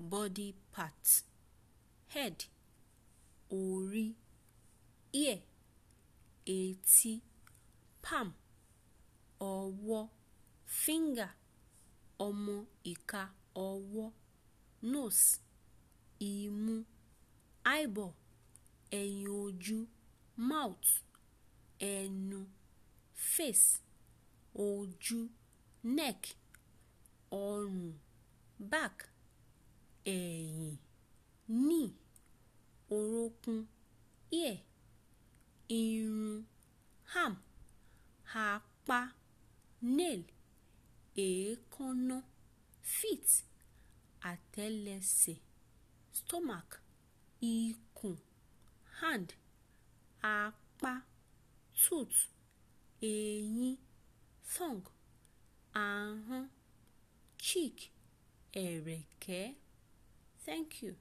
body part head ori ear eti palm ọwọ́ finger ọmọ ika ọwọ́ nose imu eyeball ẹ̀yìn ojú mouth ẹnu face oju neck ọrùn back. ẹ̀yìn knee orókún ear irun arm apá nail èékánná feet àtẹ́lẹsẹ̀ stomach ikùn hand apá tooth eyín thong ahọ́n cheek ẹ̀rẹ̀kẹ́. Thank you.